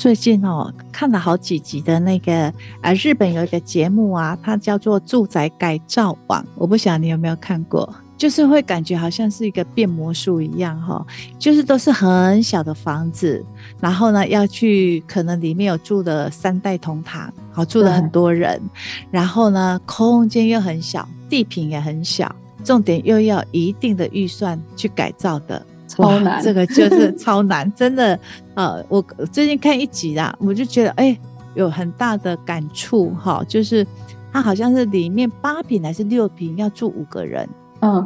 最近哦，看了好幾集的那個，呃、啊，日本有一個節目啊，它叫做《住宅改造王》，我不曉得你有沒有看過，就是會感覺好像是一個變魔術一樣哈、哦，就是都是很小的房子，然後呢要去可能裡面有住的三代同堂，好，住了很多人，然後呢空間又很小，地坪也很小，重點又要一定的預算去改造的。超難、oh,，這個就是超難， 真的。呃，我最近看一集啊，我就覺得哎、欸，有很大的感觸哈。就是它好像是裡面八坪還是六坪要住五個人，嗯，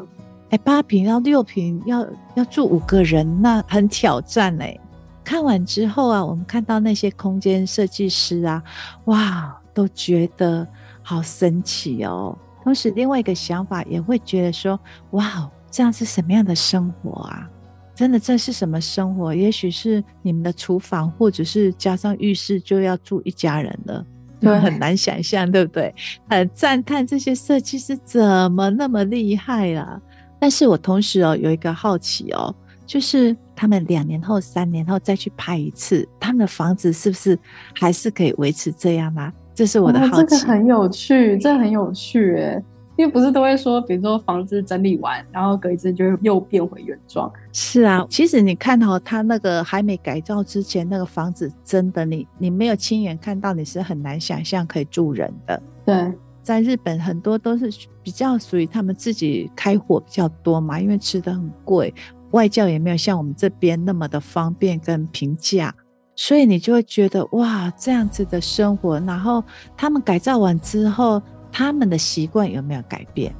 哎、欸，八坪要六坪要要住五個人，那很挑戰嘞，欸。看完之後啊，我們看到那些空間設計師啊，哇，都覺得好神奇哦、喔。同時，另外一個想法也會覺得說，哇，這樣是什麼樣的生活啊？真的，這是什麼生活？也許是你們的廚房，或者是加上浴室就要住一家人了，對，很難想象，對不對？很讚嘆這些設計師怎麼那麼厲害啊！但是我同時哦有一個好奇哦，就是他們兩年後、三年後再去拍一次，他們的房子是不是還是可以維持這樣啊？這是我的好奇，哦這個、很有趣，這個、很有趣。誒。因為不是都會說，比如說房子整理完，然後隔一陣就又變回原狀。是啊，其實你看哦，他那個還沒改造之前，那個房子真的你，你你沒有親眼看到，你是很難想象可以住人的。對，在日本很多都是比較屬於他們自己開火比較多嘛，因為吃的很貴，外食也沒有像我們這邊那麼的方便跟平價，所以你就會覺得哇，這樣子的生活。然後他們改造完之後。他們的習慣有沒有改變？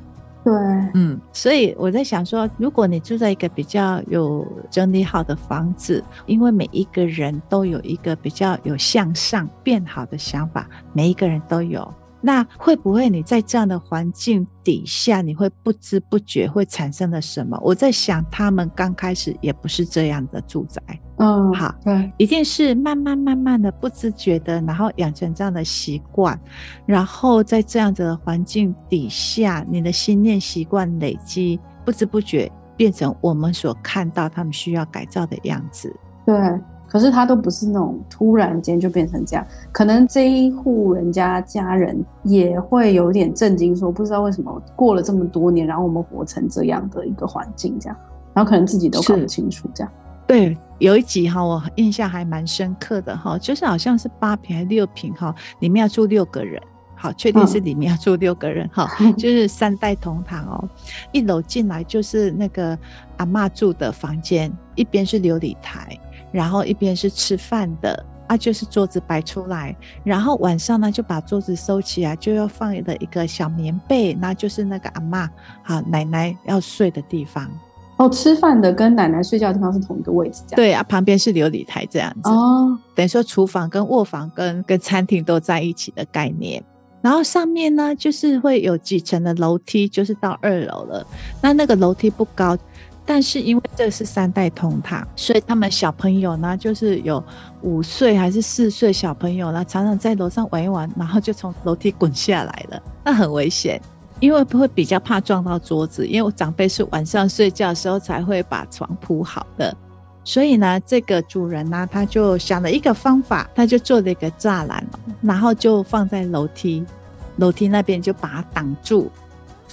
對。嗯，所以我在想說，如果你住在一個比較有整理好的房子，因為每一個人都有一個比較有向上變好的想法，每一個人都有。那會不會你在這樣的環境底下，你會不知不覺會產生了什麼？我在想，他們剛開始也不是這樣的住宅，嗯、oh, okay.，好，對，一定是慢慢慢慢的不自覺的，然後養成這樣的習慣，然後在這樣子的環境底下，你的心念習慣累積，不知不覺變成我們所看到他們需要改造的樣子，對、okay.。可是它都不是那種突然間就變成這樣，可能這一戶人家家人也會有點震驚，說不知道為什麼過了這麼多年，然後我們活成這樣的一個環境，這樣，然後可能自己都看不清楚這樣。對，有一集哈、哦，我印象還蠻深刻的哈、哦，就是好像是八坪還是六坪哈、哦，裡面要住六個人，好，確定是裡面要住六個人哈、嗯哦，就是三代同堂哦，一樓進來就是那個阿嬤住的房間，一邊是流理台。然後一邊是吃飯的啊，就是桌子擺出來，然後晚上呢就把桌子收起來，就要放的一個小棉被，那就是那個阿嬤、好奶奶要睡的地方。哦，吃飯的跟奶奶睡覺的地方是同一個位置，對啊，旁邊是流理台這樣子哦。等於說，廚房跟臥房跟跟餐廳都在一起的概念。然後上面呢就是會有幾層的樓梯，就是到二樓了。那那個樓梯不高。但是因為這是三代同堂，所以他們小朋友呢，就是有五歲還是四歲小朋友呢，常常在樓上玩一玩，然後就從樓梯滾下來了，那很危險，因為會比較怕撞到桌子。因為我長輩是晚上睡覺的時候才會把床鋪好的，所以呢，這個主人呢，他就想了一個方法，他就做了一個柵欄，然後就放在樓梯，樓梯那邊就把它擋住。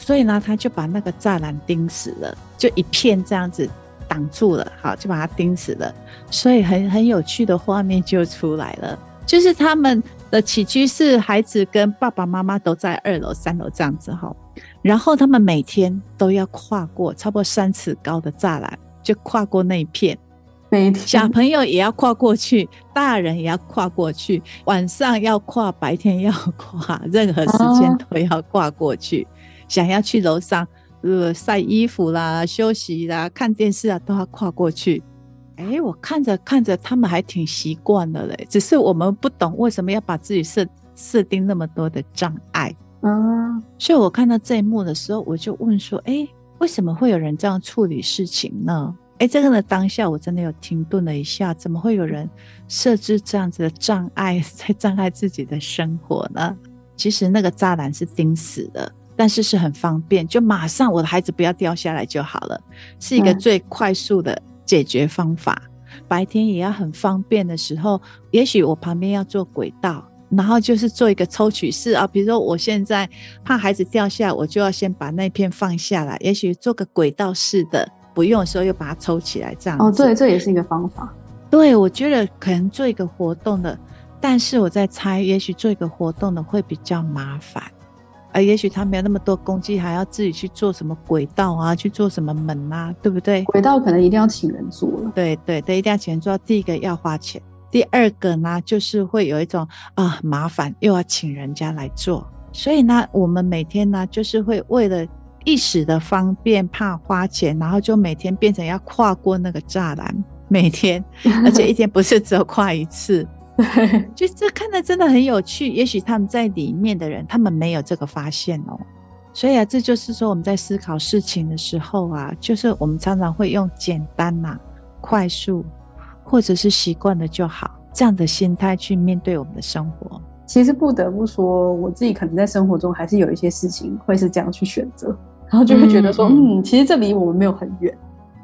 所以呢，他就把那個柵欄釘死了，就一片這樣子擋住了，好，就把它釘死了。所以很很有趣的畫面就出來了，就是他們的起居室，孩子跟爸爸媽媽都在二樓、三樓這樣子哈。然後他們每天都要跨過差不多三尺高的柵欄，就跨過那一片。每天小朋友也要跨過去，大人也要跨過去，晚上要跨，白天要跨，任何時間都要跨過去。啊啊想要去樓上，呃，曬衣服啦、休息啦、看電視啊，都要跨過去。哎、欸，我看着看着，他們還挺習慣的嘞。只是我們不懂為什麼要把自己設設定那麼多的障礙。啊、嗯，所以我看到這一幕的時候，我就問說：“哎、欸，為什麼會有人這樣處理事情呢？”哎、欸，這個呢，當下我真的有停頓了一下，怎麼會有人設置這樣子的障礙，在障礙自己的生活呢？嗯、其實那個柵欄是釘死的。但是是很方便，就馬上我的孩子不要掉下來就好了，是一個最快速的解決方法。嗯，白天也要很方便的時候，也許我旁邊要做軌道，然後就是做一個抽取式啊。比如說，我現在怕孩子掉下來，我就要先把那片放下來。也許做個軌道式的，不用的時候又把它抽起來，這樣哦。對，這也是一個方法。對，我覺得可能做一個活動的，但是我在猜，也許做一個活動的會比較麻煩。啊，也許他沒有那麼多工具，還要自己去做什麼軌道啊，去做什麼門啊，對不對？軌道可能一定要請人做了。對，對對，一定要請人做。第一個要花錢，第二個呢，就是會有一種啊麻煩，又要請人家來做。所以呢，我們每天呢，就是會為了一時的方便，怕花錢，然後就每天變成要跨過那個柵欄，每天， 而且一天不是只有跨一次。對， 就這看着真的很有趣。也許他們在裡面的人，他們沒有這個發現哦、喔。所以啊，這就是說我們在思考事情的時候啊，就是我們常常會用簡單吶、啊、快速，或者是習慣了就好這樣的心態去面對我們的生活。其實不得不說，我自己可能在生活中還是有一些事情會是這樣去選擇，然後就會覺得說，嗯，嗯，嗯，其實這離我們沒有很遠。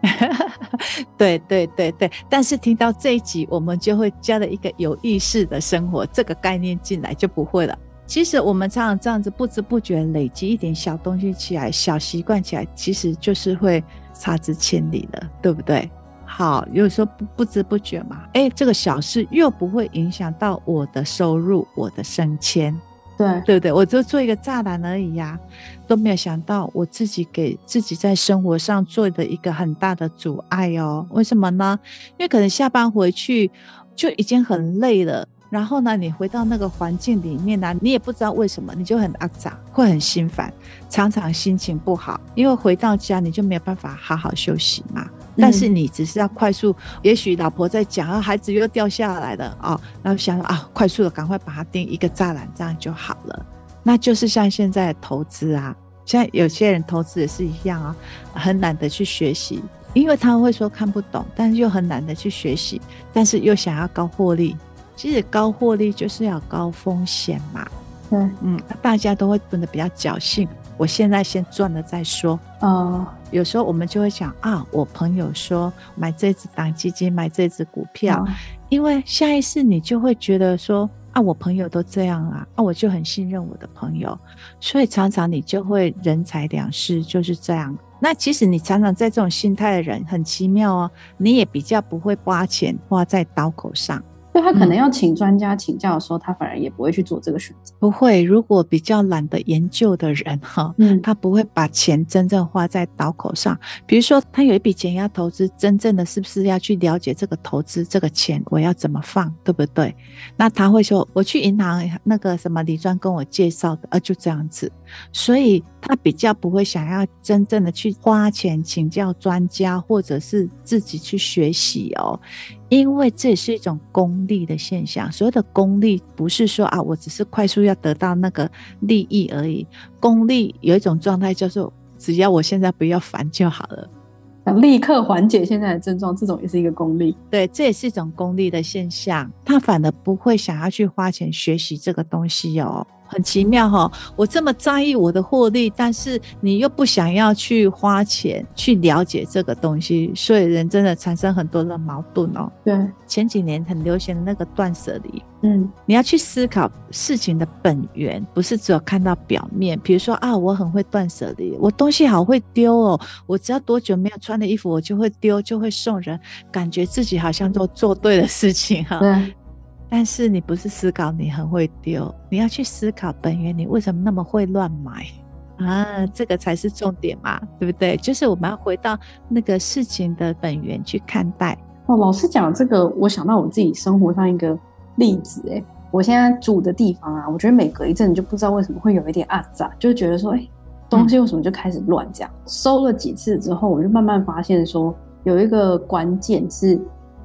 哈， 對對對對，但是聽到這一集，我們就會加了一個有意識的生活這個概念進來，就不會了。其實我們常常這樣子不知不覺累積一點小東西起來，小習慣起來，其實就是會差之千里了，對不對？好，有時候不，不知不覺嘛，誒，這個小事又不會影響到我的收入，我的升遷。對對不對？我就做一個柵欄而已呀、啊，都沒有想到我自己給自己在生活上做的一個很大的阻礙哦。為什麼呢？因為可能下班回去就已經很累了，然後呢，你回到那個環境裡面呢、啊，你也不知道為什麼你就很阿雜，會很心煩，常常心情不好，因為回到家你就沒有辦法好好休息嘛。但是你只是要快速，嗯、也許老婆在講，啊，孩子又掉下來了，啊、哦，然後想啊，快速的趕快把它釘一個柵欄，這樣就好了。那就是像現在的投資啊，像有些人投資也是一樣啊、哦，很懶得去學習，因為他們會說看不懂，但是又很懶得去學習，但是又想要高獲利。其實高獲利就是要高風險嘛，嗯嗯，大家都會分的比較僥倖。我現在先賺了再說。哦、oh.，有時候我們就會想啊，我朋友說買這只檔基金，買這只股票，oh. 因為下一次你就會覺得說啊，我朋友都這樣啊，啊，我就很信任我的朋友，所以常常你就會人財兩失，就是這樣。那其實你常常在這種心態的人很奇妙哦，你也比較不會花錢花在刀口上。所以他可能要請專家請教的時候，嗯，他反而也不會去做這個選擇。不會，如果比較懶得研究的人哈，嗯，他不會把錢真正花在刀口上。比如說，他有一筆錢要投資，真正的是不是要去了解這個投資，這個錢我要怎麼放，對不對？那他會說，我去銀行那個什麼李專跟我介紹的，呃，就這樣子。所以他比較不會想要真正的去花錢請教專家，或者是自己去學習哦。因為這是一種功利的現象，所有的功利不是說啊，我只是快速要得到那個利益而已。功利有一種狀態，就是只要我現在不要煩就好了，想立刻緩解現在的症狀，這種也是一個功利。對，這也是一種功利的現象，他反而不會想要去花錢學習這個東西哦。很奇妙哈、哦，我這麼在意我的獲利，但是你又不想要去花錢去了解這個東西，所以人真的產生很多的矛盾哦。對，前幾年很流行的那個斷捨離，嗯，你要去思考事情的本源，不是只有看到表面。比如說啊，我很會斷捨離，我東西好會丟哦，我只要多久沒有穿的衣服，我就會丟，就會送人，感覺自己好像都做對的事情哈、哦。對。但是你不是思考，你很會丟，你要去思考本源，你為什麼那麼會亂買啊？這個才是重點嘛，對不對？就是我們要回到那個事情的本源去看待。哦，老師講，這個我想到我自己生活上一個例子，誒，我現在住的地方啊，我覺得每隔一陣你就不知道為什麼會有一點腌臢，就覺得說，誒、欸，東西為什麼就開始亂這樣。收了幾次之後，我就慢慢發現說，有一個關鍵是。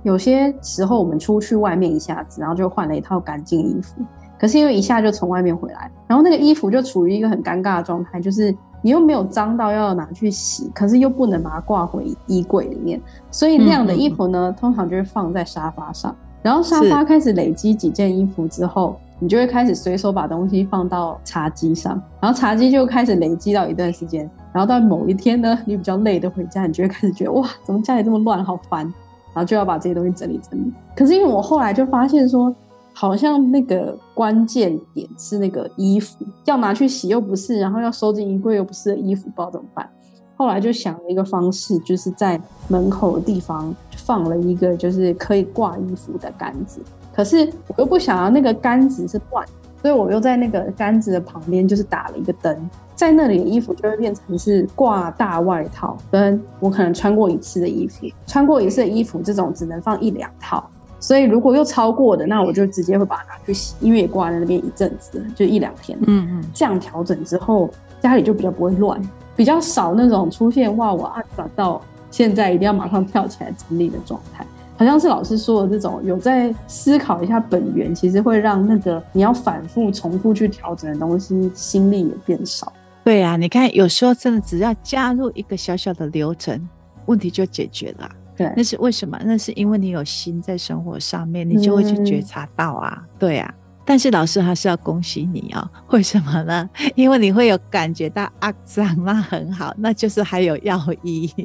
有些時候我們出去外面一下子，然後就換了一套乾淨衣服，可是因為一下就從外面回來，然後那個衣服就處於一個很尷尬的狀態，就是你又沒有髒到要拿去洗，可是又不能把它掛回衣櫃裡面，所以那樣的衣服呢，嗯嗯通常就會放在沙發上。然後沙發開始累積幾件衣服之後，你就會開始隨手把東西放到茶幾上，然後茶几就開始累積到一段時間，然後到某一天呢，你比較累的回家，你就會開始覺得哇，怎麼家裡這麼亂，好煩。然後就要把這些東西整理整理。可是因為我後來就發現說，好像那個關鍵點是那個衣服要拿去洗又不是，然後要收進衣櫃又不是的衣服，不知道怎麼辦？後來就想了一個方式，就是在門口的地方放了一個就是可以掛衣服的桿子。可是我又不想要那個桿子是斷。所以，我又在那個桿子的旁邊，就是打了一個燈，在那裡的衣服就會變成是掛大外套，跟我可能穿過一次的衣服，穿過一次的衣服這種只能放一兩套。所以，如果又超過的，那我就直接會把它拿去洗，因為也掛在那邊一陣子，就一兩天。嗯嗯，這樣調整之後，家裡就比較不會亂，比較少那種出現哇，我啊，搞到現在一定要馬上跳起來整理的狀態。好像是老師說的這種，有在思考一下本源，其實會讓那個你要反覆重複去調整的東西，心力也變少。對啊，你看有時候真的只要加入一個小小的流程，問題就解決了。對，那是為什麼？那是因為你有心在生活上面，你就會去覺察到啊。嗯、對啊，但是老師還是要恭喜你哦、喔。為什麼呢？因為你會有感覺到啊，這樣那很好，那就是還有藥醫。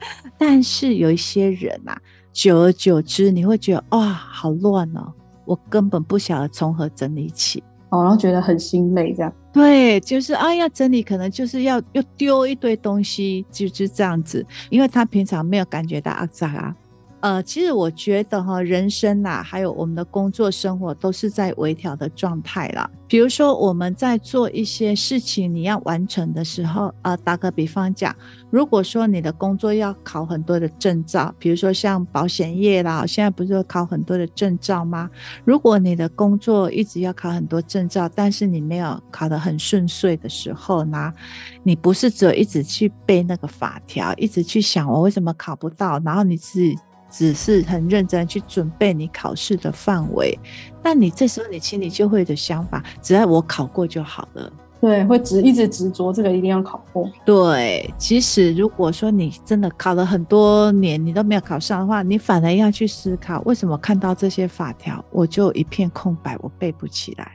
但是有一些人啊。久而久之，你會覺得哇，好亂哦！我根本不曉得從何整理起哦，然後覺得很心累，這樣。對，就是啊，要整理可能就是要又丟一堆東西，就就是、這樣子，因為他平常沒有感覺到啊咋啦。呃，其實我覺得哈、哦，人生吶、啊，還有我們的工作生活，都是在微調的狀態啦。比如說，我們在做一些事情，你要完成的時候，呃，打個比方講，如果說你的工作要考很多的證照，比如說像保險業啦，現在不是要考很多的證照嗎？如果你的工作一直要考很多證照，但是你沒有考得很順遂的時候呢，你不是只有一直去背那個法條，一直去想我為什麼考不到，然後你自己。只是很認真去準備你考試的範圍，但你這時候你心裡就會的想法，只要我考過就好了。對，會執一直執着這個一定要考過。對，其實如果說你真的考了很多年，你都沒有考上的話，你反而要去思考，為什麼看到這些法條我就一片空白，我背不起來？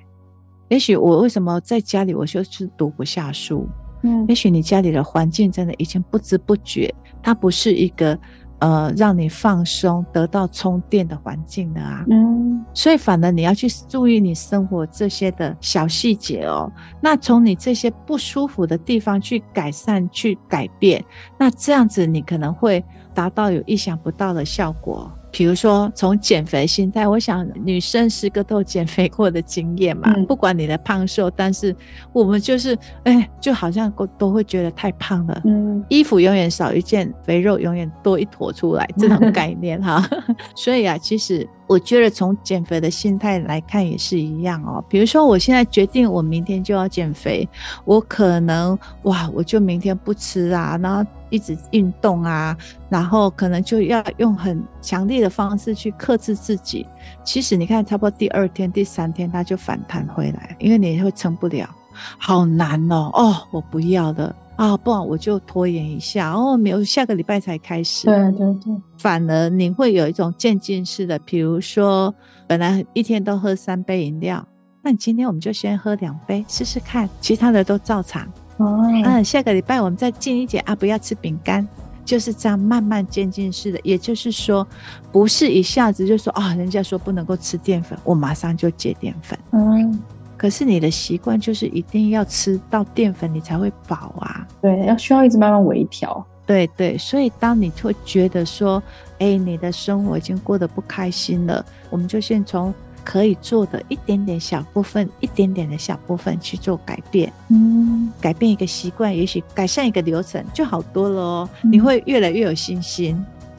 也許我為什麼在家裡我就是讀不下書？嗯，也許你家裡的環境真的已經不知不覺，它不是一個。呃，讓你放鬆、得到充電的環境的啊，嗯，所以反而你要去注意你生活這些的小細節哦。那從你這些不舒服的地方去改善、去改變，那這樣子你可能會達到有意想不到的效果。比如說，從減肥心態，我想女生十個都有減肥過的經驗嘛、嗯。不管你的胖瘦，但是我們就是，哎、欸，就好像都都會覺得太胖了，嗯、衣服永遠少一件，肥肉永遠多一坨出來這種概念哈。 所以啊，其實。我覺得從減肥的心態來看也是一樣哦。比如說，我現在決定我明天就要減肥，我可能哇，我就明天不吃啊，然後一直運動啊，然後可能就要用很強烈的方式去克制自己。其實你看，差不多第二天、第三天它就反彈回來，因為你會撐不了。好難哦、喔！哦，我不要的啊、哦，不然我就拖延一下，然後沒有下個禮拜才開始。對對對，反而你會有一種漸進式的，比如說本來一天都喝三杯飲料，那你今天我們就先喝兩杯試試看，其他的都照常。哦、oh.，嗯，下個禮拜我們再進一點啊，不要吃餅乾，就是這樣慢慢漸進式的。也就是說，不是一下子就說啊、哦，人家說不能夠吃澱粉，我馬上就戒澱粉。嗯、oh.。可是你的習慣就是一定要吃到澱粉，你才會飽啊。對，要需要一直慢慢微調。對對，所以當你會覺得說，哎、欸，你的生活已經過得不開心了，我們就先從可以做的一點點小部分，一點點的小部分去做改變。嗯，改變一個習慣，也許改善一個流程就好多了、哦嗯。你會越來越有信心。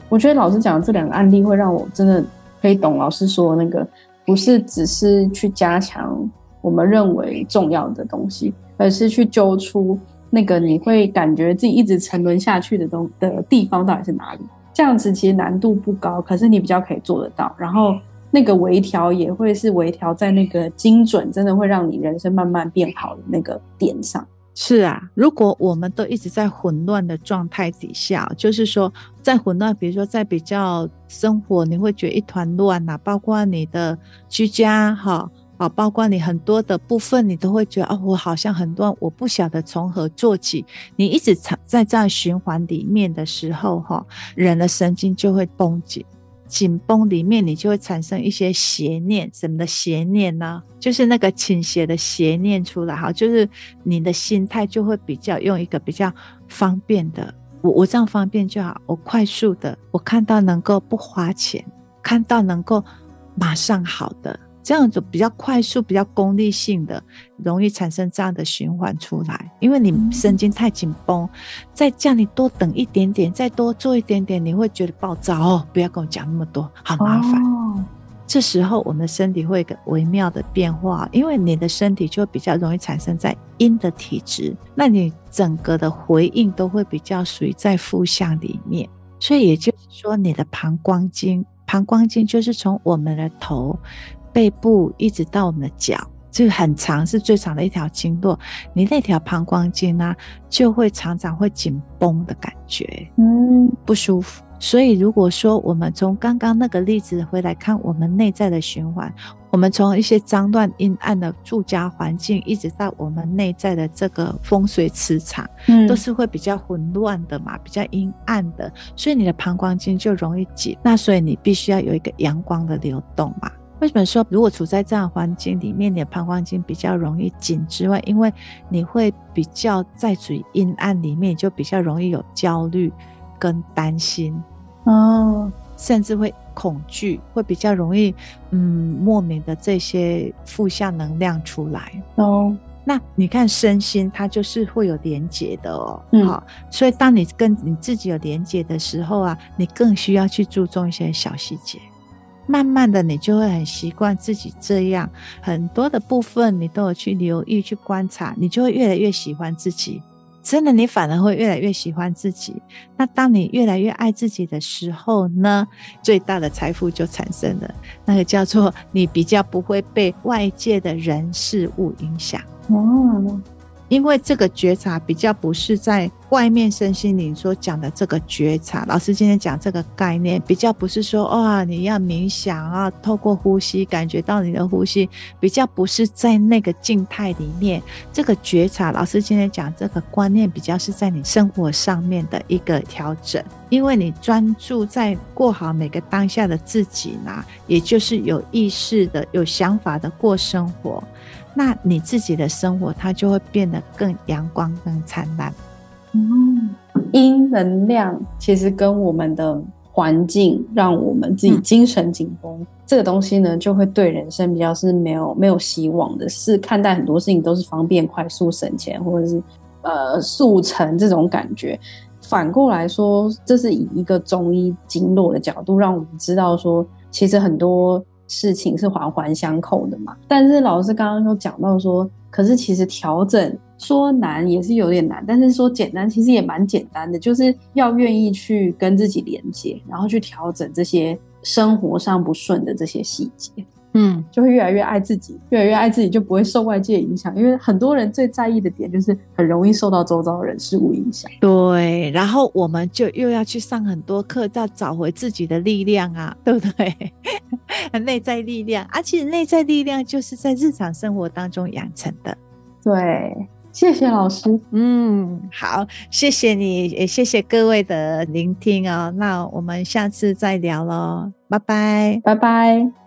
我覺得老師講的這兩個案例會讓我真的可以懂老師說那個，不是只是去加強。我們認為重要的東西，而是去揪出那個你會感覺自己一直沉淪下去的東的地方，到底是哪裡？這樣子其實難度不高，可是你比較可以做得到。然後那個微調也會是微調在那個精準，真的會讓你人生慢慢變好的那個點上。是啊，如果我們都一直在混亂的狀態底下，就是說在混亂，比如說在比較生活，你會覺得一團亂啊，包括你的居家哈。哦啊，包括你很多的部分，你都會覺得啊、哦，我好像很多我不曉得從何做起。你一直藏在這樣循環裡面的時候，哈，人的神經就會繃緊，緊繃裡面你就會產生一些斜念，什麼的斜念呢？就是那個傾斜的斜念出來，哈，就是你的心態就會比較用一個比較方便的，我我這樣方便就好，我快速的，我看到能夠不花錢，看到能夠馬上好的。這樣子比較快速，比較功利性的，容易產生這樣的循環出來。因為你神經太緊繃，再，嗯、叫你多等一點點，再多做一點點，你會覺得暴躁哦。不要跟我講那麼多，好麻煩哦。這時候我們的身體會有一個微妙的變化，因為你的身體就會比較容易產生在陰的體質，那你整個的回應都會比較屬於在負向裡面。所以也就是說，你的膀胱經，膀胱經就是從我們的頭。背部一直到我們的腳，就很長，是最長的一條經絡。你那條膀胱經呢、啊，就會常常會緊繃的感覺，嗯，不舒服。所以如果說我們從剛剛那個例子回來看，我們內在的循環，我們從一些髒亂陰暗的住家環境，一直到我們內在的這個風水磁場，嗯，都是會比較混亂的嘛，比較陰暗的，所以你的膀胱經就容易緊。那所以你必須要有一個陽光的流動嘛。為什麼說，如果處在這樣環境裡面，你的膀胱經比較容易緊之外，因為你會比較在處於陰暗裡面，就比較容易有焦慮跟擔心哦，甚至會恐懼，會比較容易嗯，莫名的這些負向能量出來哦。那你看身心它就是會有連結的哦，嗯，好，所以當你跟你自己有連結的時候啊，你更需要去注重一些小細節。慢慢的，你就會很習慣自己這樣，很多的部分你都有去留意、去觀察，你就會越來越喜歡自己。真的，你反而會越來越喜歡自己。那當你越來越愛自己的時候呢，最大的財富就產生了，那個叫做你比較不會被外界的人事物影響。因為這個覺察比較不是在外面身心靈所講的這個覺察，老師今天講這個概念比較不是說哦，你要冥想啊，透過呼吸感覺到你的呼吸，比較不是在那個靜態裡面。這個覺察，老師今天講這個觀念比較是在你生活上面的一個調整，因為你專注在過好每個當下的自己呢，也就是有意識的、有想法的過生活，那你自己的生活，它就會變得更陽光、更燦爛。嗯，陰能量其實跟我們的環境，讓我們自己精神緊繃。嗯，這個東西呢，就會對人生比較是沒有沒有希望的，是看待很多事情都是方便、快速、省錢，或者是呃速成這種感覺。反過來說，這是以一個中醫經絡的角度，讓我們知道說，其實很多。事情是環環相扣的嘛，但是老師剛剛又講到說，可是其實調整說難也是有點難，但是說簡單其實也蠻簡單的，就是要願意去跟自己連接，然後去調整這些生活上不順的這些細節。嗯，就會越來越愛自己，越來越愛自己，就不會受外界影響。因為很多人最在意的點，就是很容易受到周遭人事物影響。對，然後我們就又要去上很多課，要找回自己的力量啊，對不對？ 內在力量，而、啊、且內在力量就是在日常生活當中養成的。對，謝謝老師嗯。嗯，好，謝謝你，也謝謝各位的聆聽哦。那我們下次再聊咯，拜拜，拜拜。